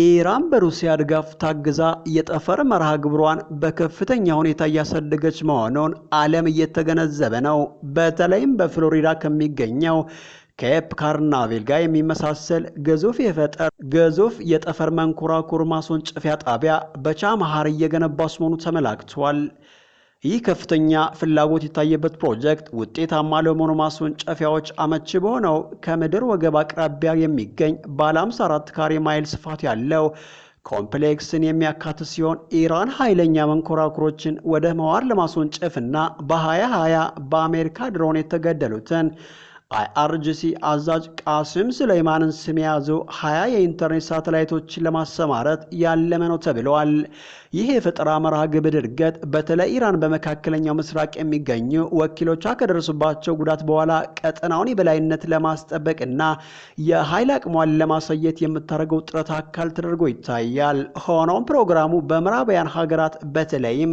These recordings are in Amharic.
ኢራን በሩሲያ ድጋፍ ታግዛ የጠፈር መርሃ ግብሯን በከፍተኛ ሁኔታ እያሳደገች መሆኑን ዓለም እየተገነዘበ ነው። በተለይም በፍሎሪዳ ከሚገኘው ኬፕ ካርናቬል ጋር የሚመሳሰል ግዙፍ የፈጠር ግዙፍ የጠፈር መንኮራኩር ማስወንጨፊያ ጣቢያ በቻባሃር እየገነባች መሆኑ ተመላክቷል። ይህ ከፍተኛ ፍላጎት የታየበት ፕሮጀክት ውጤታማ ለመሆኑ ማስወንጨፊያዎች አመቺ በሆነው ከምድር ወገብ አቅራቢያ የሚገኝ ባለ 54 ካሬ ማይል ስፋት ያለው ኮምፕሌክስን የሚያካትት ሲሆን ኢራን ኃይለኛ መንኮራኩሮችን ወደ መዋር ለማስወንጨፍና በ2020 በአሜሪካ ድሮን የተገደሉትን አይአርጂሲ አዛዥ ቃሲም ሱሌይማንን ስም የያዘው ሀያ የኢንተርኔት ሳተላይቶችን ለማሰማረት ያለመ ነው ተብለዋል። ይህ የፈጠራ መርሃ ግብር እድገት በተለይ ኢራን በመካከለኛው ምስራቅ የሚገኙ ወኪሎቿ ከደረሱባቸው ጉዳት በኋላ ቀጠናውን የበላይነት ለማስጠበቅና የኃይል አቅሟን ለማሳየት የምታደርገው ጥረት አካል ተደርጎ ይታያል። ሆኖም ፕሮግራሙ በምዕራባውያን ሀገራት በተለይም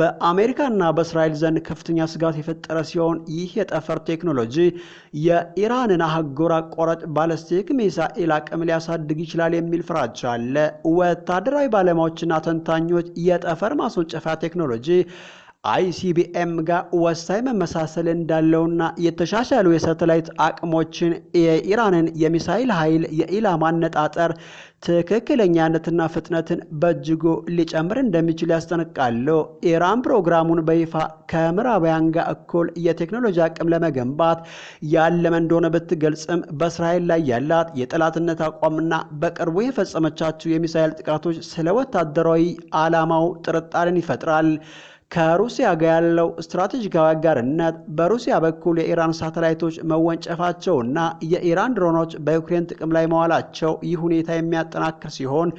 በአሜሪካና በእስራኤል ዘንድ ከፍተኛ ስጋት የፈጠረ ሲሆን ይህ የጠፈር ቴክኖሎጂ የኢራንን አህጉር አቋራጭ ባለስቲክ ሚሳኤል አቅም ሊያሳድግ ይችላል የሚል ፍራቻ አለ። ወታደራዊ ባለሙያዎችና ተንታኞች የጠፈር ማስወንጨፊያ ቴክኖሎጂ አይሲቢኤም ጋር ወሳኝ መመሳሰል እንዳለውና የተሻሻሉ የሳተላይት አቅሞችን የኢራንን የሚሳይል ኃይል የኢላማ አነጣጠር ትክክለኛነትና ፍጥነትን በእጅጉ ሊጨምር እንደሚችል ያስጠነቅቃሉ። ኢራን ፕሮግራሙን በይፋ ከምዕራባውያን ጋር እኩል የቴክኖሎጂ አቅም ለመገንባት ያለመ እንደሆነ ብትገልጽም በእስራኤል ላይ ያላት የጠላትነት አቋምና በቅርቡ የፈጸመቻቸው የሚሳይል ጥቃቶች ስለ ወታደራዊ ዓላማው ጥርጣሬን ይፈጥራል። ከሩሲያ ጋር ያለው ስትራቴጂካዊ አጋርነት በሩሲያ በኩል የኢራን ሳተላይቶች መወንጨፋቸውና የኢራን ድሮኖች በዩክሬን ጥቅም ላይ መዋላቸው ይህ ሁኔታ የሚያጠናክር ሲሆን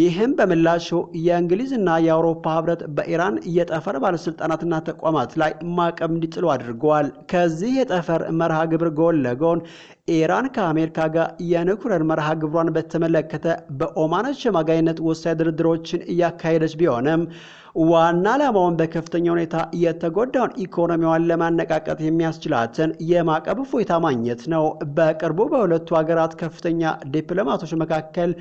ይህም በምላሹ የእንግሊዝና የአውሮፓ ህብረት በኢራን የጠፈር ባለስልጣናትና ተቋማት ላይ ማዕቀብ እንዲጥሉ አድርገዋል። ከዚህ የጠፈር መርሃ ግብር ጎን ለጎን ኢራን ከአሜሪካ ጋር የኒውክሌር መርሃ ግብሯን በተመለከተ በኦማን አሸማጋይነት ወሳኝ ድርድሮችን እያካሄደች ቢሆንም ዋና ዓላማውን በከፍተኛ ሁኔታ የተጎዳውን ኢኮኖሚዋን ለማነቃቀት የሚያስችላትን የማዕቀብ እፎይታ ማግኘት ነው። በቅርቡ በሁለቱ ሀገራት ከፍተኛ ዲፕሎማቶች መካከል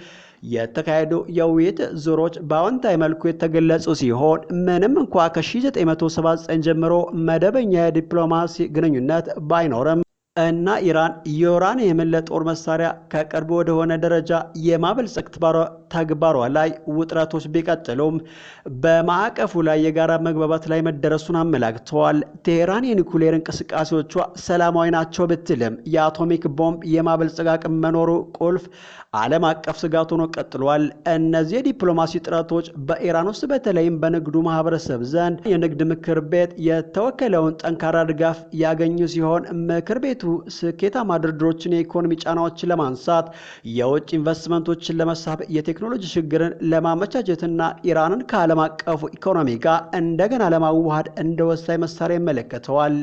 የተካሄዱ የውይይት ዙሮች በአዎንታዊ መልኩ የተገለጹ ሲሆን ምንም እንኳ ከ1979 ጀምሮ መደበኛ የዲፕሎማሲ ግንኙነት ባይኖርም እና ኢራን የኢራን የመለ ጦር መሳሪያ ከቅርብ ወደሆነ ደረጃ የማበልጸግ ተግባሯ ላይ ውጥረቶች ቢቀጥሉም በማዕቀፉ ላይ የጋራ መግባባት ላይ መደረሱን አመላክተዋል። ቴሄራን የኒኩሌር እንቅስቃሴዎቿ ሰላማዊ ናቸው ብትልም የአቶሚክ ቦምብ የማበልጸግ አቅም መኖሩ ቁልፍ ዓለም አቀፍ ስጋት ሆኖ ቀጥሏል። እነዚህ የዲፕሎማሲ ጥረቶች በኢራን ውስጥ በተለይም በንግዱ ማህበረሰብ ዘንድ የንግድ ምክር ቤት የተወከለውን ጠንካራ ድጋፍ ያገኙ ሲሆን ምክር ቤቱ ስኬታማ ድርድሮችን፣ የኢኮኖሚ ጫናዎችን ለማንሳት፣ የውጭ ኢንቨስትመንቶችን ለመሳብ፣ የቴክኖሎጂ ችግርን ለማመቻቸትና ኢራንን ከዓለም አቀፉ ኢኮኖሚ ጋር እንደገና ለማዋሃድ እንደ ወሳኝ መሳሪያ ይመለከተዋል።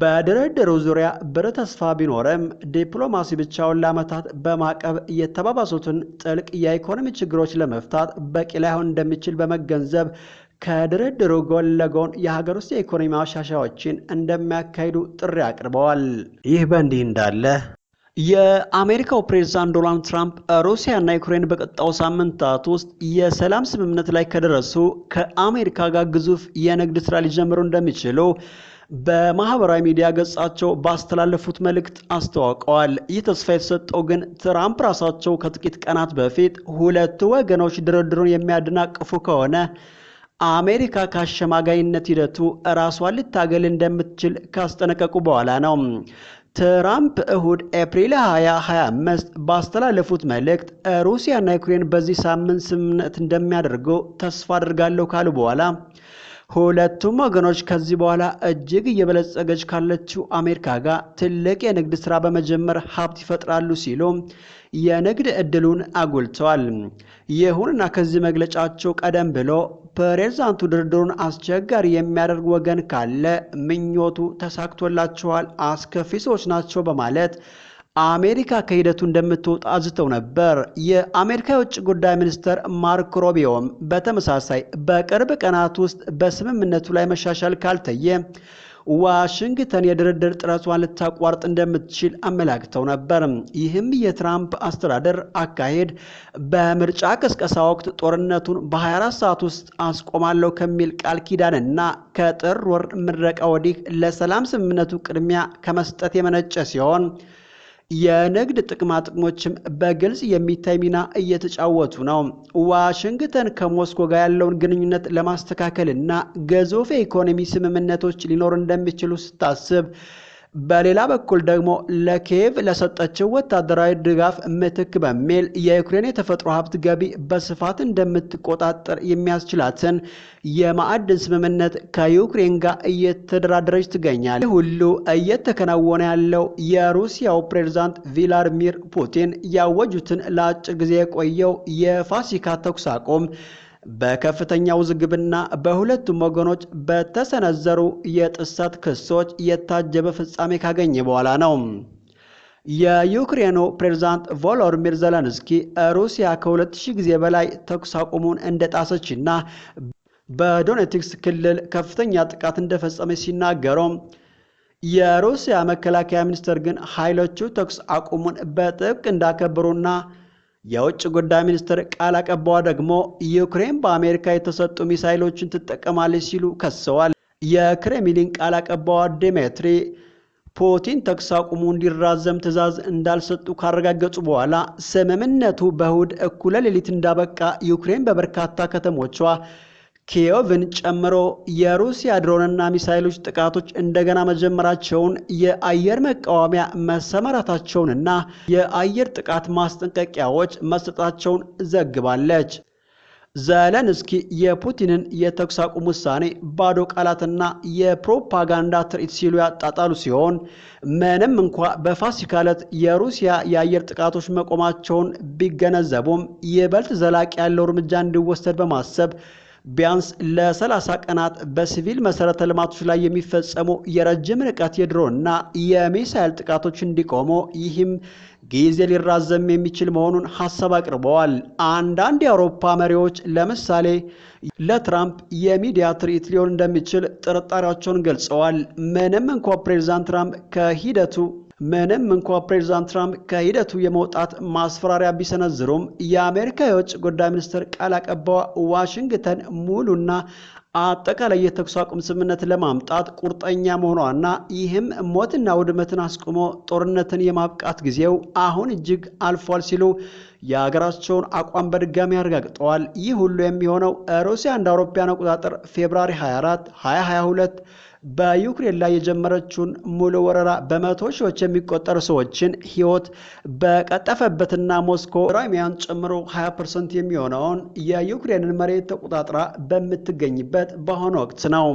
በድርድሩ ዙሪያ ብሩህ ተስፋ ቢኖርም ዲፕሎማሲ ብቻውን ለዓመታት በማዕቀብ የተባባሱትን ጥልቅ የኢኮኖሚ ችግሮች ለመፍታት በቂ ላይሆን እንደሚችል በመገንዘብ ከድርድሩ ጎን ለጎን የሀገር ውስጥ የኢኮኖሚ ማሻሻያዎችን እንደሚያካሂዱ ጥሪ አቅርበዋል። ይህ በእንዲህ እንዳለ የአሜሪካው ፕሬዝዳንት ዶናልድ ትራምፕ ሩሲያና ዩክሬን በቀጣው ሳምንታት ውስጥ የሰላም ስምምነት ላይ ከደረሱ ከአሜሪካ ጋር ግዙፍ የንግድ ስራ ሊጀምሩ እንደሚችሉ በማህበራዊ ሚዲያ ገጻቸው ባስተላለፉት መልእክት አስተዋውቀዋል። ይህ ተስፋ የተሰጠው ግን ትራምፕ ራሳቸው ከጥቂት ቀናት በፊት ሁለቱ ወገኖች ድርድሩን የሚያደናቅፉ ከሆነ አሜሪካ ከአሸማጋይነት ሂደቱ ራሷን ልታገል እንደምትችል ካስጠነቀቁ በኋላ ነው። ትራምፕ እሁድ ኤፕሪል 2025 ባስተላለፉት መልእክት ሩሲያና ዩክሬን በዚህ ሳምንት ስምምነት እንደሚያደርገው ተስፋ አድርጋለሁ ካሉ በኋላ ሁለቱም ወገኖች ከዚህ በኋላ እጅግ እየበለጸገች ካለችው አሜሪካ ጋር ትልቅ የንግድ ሥራ በመጀመር ሀብት ይፈጥራሉ ሲሉ የንግድ ዕድሉን አጉልተዋል። ይሁንና ከዚህ መግለጫቸው ቀደም ብሎ ፕሬዝዳንቱ ድርድሩን አስቸጋሪ የሚያደርግ ወገን ካለ ምኞቱ ተሳክቶላቸዋል፣ አስከፊ ሰዎች ናቸው በማለት አሜሪካ ከሂደቱ እንደምትወጣ አዝተው ነበር። የአሜሪካ የውጭ ጉዳይ ሚኒስትር ማርክ ሮቢዮም በተመሳሳይ በቅርብ ቀናት ውስጥ በስምምነቱ ላይ መሻሻል ካልተየ ዋሽንግተን የድርድር ጥረቷን ልታቋርጥ እንደምትችል አመላክተው ነበር። ይህም የትራምፕ አስተዳደር አካሄድ በምርጫ ቅስቀሳ ወቅት ጦርነቱን በ24 ሰዓት ውስጥ አስቆማለሁ ከሚል ቃል ኪዳንና ከጥር ወር ምረቃ ወዲህ ለሰላም ስምምነቱ ቅድሚያ ከመስጠት የመነጨ ሲሆን የንግድ ጥቅማ ጥቅሞችም በግልጽ የሚታይ ሚና እየተጫወቱ ነው። ዋሽንግተን ከሞስኮ ጋር ያለውን ግንኙነት ለማስተካከል እና ገዙፍ የኢኮኖሚ ስምምነቶች ሊኖር እንደሚችሉ ስታስብ በሌላ በኩል ደግሞ ለኪየቭ ለሰጠችው ወታደራዊ ድጋፍ ምትክ በሚል የዩክሬን የተፈጥሮ ሀብት ገቢ በስፋት እንደምትቆጣጠር የሚያስችላትን የማዕድን ስምምነት ከዩክሬን ጋር እየተደራደረች ትገኛል። ይህ ሁሉ እየተከናወነ ያለው የሩሲያው ፕሬዝዳንት ቪላድሚር ፑቲን ያወጁትን ለአጭር ጊዜ የቆየው የፋሲካ ተኩስ አቁም በከፍተኛ ውዝግብና በሁለቱም ወገኖች በተሰነዘሩ የጥሰት ክሶች የታጀበ ፍጻሜ ካገኘ በኋላ ነው። የዩክሬኑ ፕሬዝዳንት ቮሎዲሚር ዘለንስኪ ሩሲያ ከ2000 ጊዜ በላይ ተኩስ አቁሙን እንደጣሰችና በዶኔትስክ ክልል ከፍተኛ ጥቃት እንደፈጸመ ሲናገሩ የሩሲያ መከላከያ ሚኒስትር ግን ኃይሎቹ ተኩስ አቁሙን በጥብቅ እንዳከበሩና የውጭ ጉዳይ ሚኒስትር ቃል አቀባዋ ደግሞ ዩክሬን በአሜሪካ የተሰጡ ሚሳይሎችን ትጠቀማለች ሲሉ ከሰዋል። የክሬምሊን ቃል አቀባዋ ዲሜትሪ ፑቲን ተኩስ አቁሙ እንዲራዘም ትዕዛዝ እንዳልሰጡ ካረጋገጡ በኋላ ስምምነቱ በእሁድ እኩለ ሌሊት እንዳበቃ ዩክሬን በበርካታ ከተሞቿ ኪየቭን ጨምሮ የሩሲያ ድሮንና ሚሳይሎች ጥቃቶች እንደገና መጀመራቸውን የአየር መቃወሚያ መሰማራታቸውንና የአየር ጥቃት ማስጠንቀቂያዎች መስጠታቸውን ዘግባለች። ዘለንስኪ የፑቲንን የተኩስ አቁም ውሳኔ ባዶ ቃላትና የፕሮፓጋንዳ ትርኢት ሲሉ ያጣጣሉ ሲሆን ምንም እንኳ በፋሲካ ዕለት የሩሲያ የአየር ጥቃቶች መቆማቸውን ቢገነዘቡም ይበልጥ ዘላቂ ያለው እርምጃ እንዲወሰድ በማሰብ ቢያንስ ለ30 ቀናት በሲቪል መሰረተ ልማቶች ላይ የሚፈጸሙ የረጅም ርቀት የድሮንና የሚሳይል ጥቃቶች እንዲቆሙ ይህም ጊዜ ሊራዘም የሚችል መሆኑን ሀሳብ አቅርበዋል። አንዳንድ የአውሮፓ መሪዎች ለምሳሌ ለትራምፕ የሚዲያ ትርኢት ሊሆን እንደሚችል ጥርጣሬያቸውን ገልጸዋል። ምንም እንኳ ፕሬዚዳንት ትራምፕ ከሂደቱ ምንም እንኳ ፕሬዚዳንት ትራምፕ ከሂደቱ የመውጣት ማስፈራሪያ ቢሰነዝሩም የአሜሪካ የውጭ ጉዳይ ሚኒስትር ቃል አቀባዋ ዋሽንግተን ሙሉና አጠቃላይ የተኩስ አቁም ስምምነት ለማምጣት ቁርጠኛ መሆኗና ይህም ሞትና ውድመትን አስቆሞ ጦርነትን የማብቃት ጊዜው አሁን እጅግ አልፏል ሲሉ የሀገራቸውን አቋም በድጋሚ አረጋግጠዋል። ይህ ሁሉ የሚሆነው ሩሲያ እንደ አውሮፓውያን አቆጣጠር ፌብራሪ 24 2022 በዩክሬን ላይ የጀመረችውን ሙሉ ወረራ በመቶ ሺዎች የሚቆጠሩ ሰዎችን ህይወት በቀጠፈበትና ሞስኮ ክራይሚያን ጨምሮ 20 ፐርሰንት የሚሆነውን የዩክሬንን መሬት ተቆጣጥራ በምትገኝበት በአሁኑ ወቅት ነው።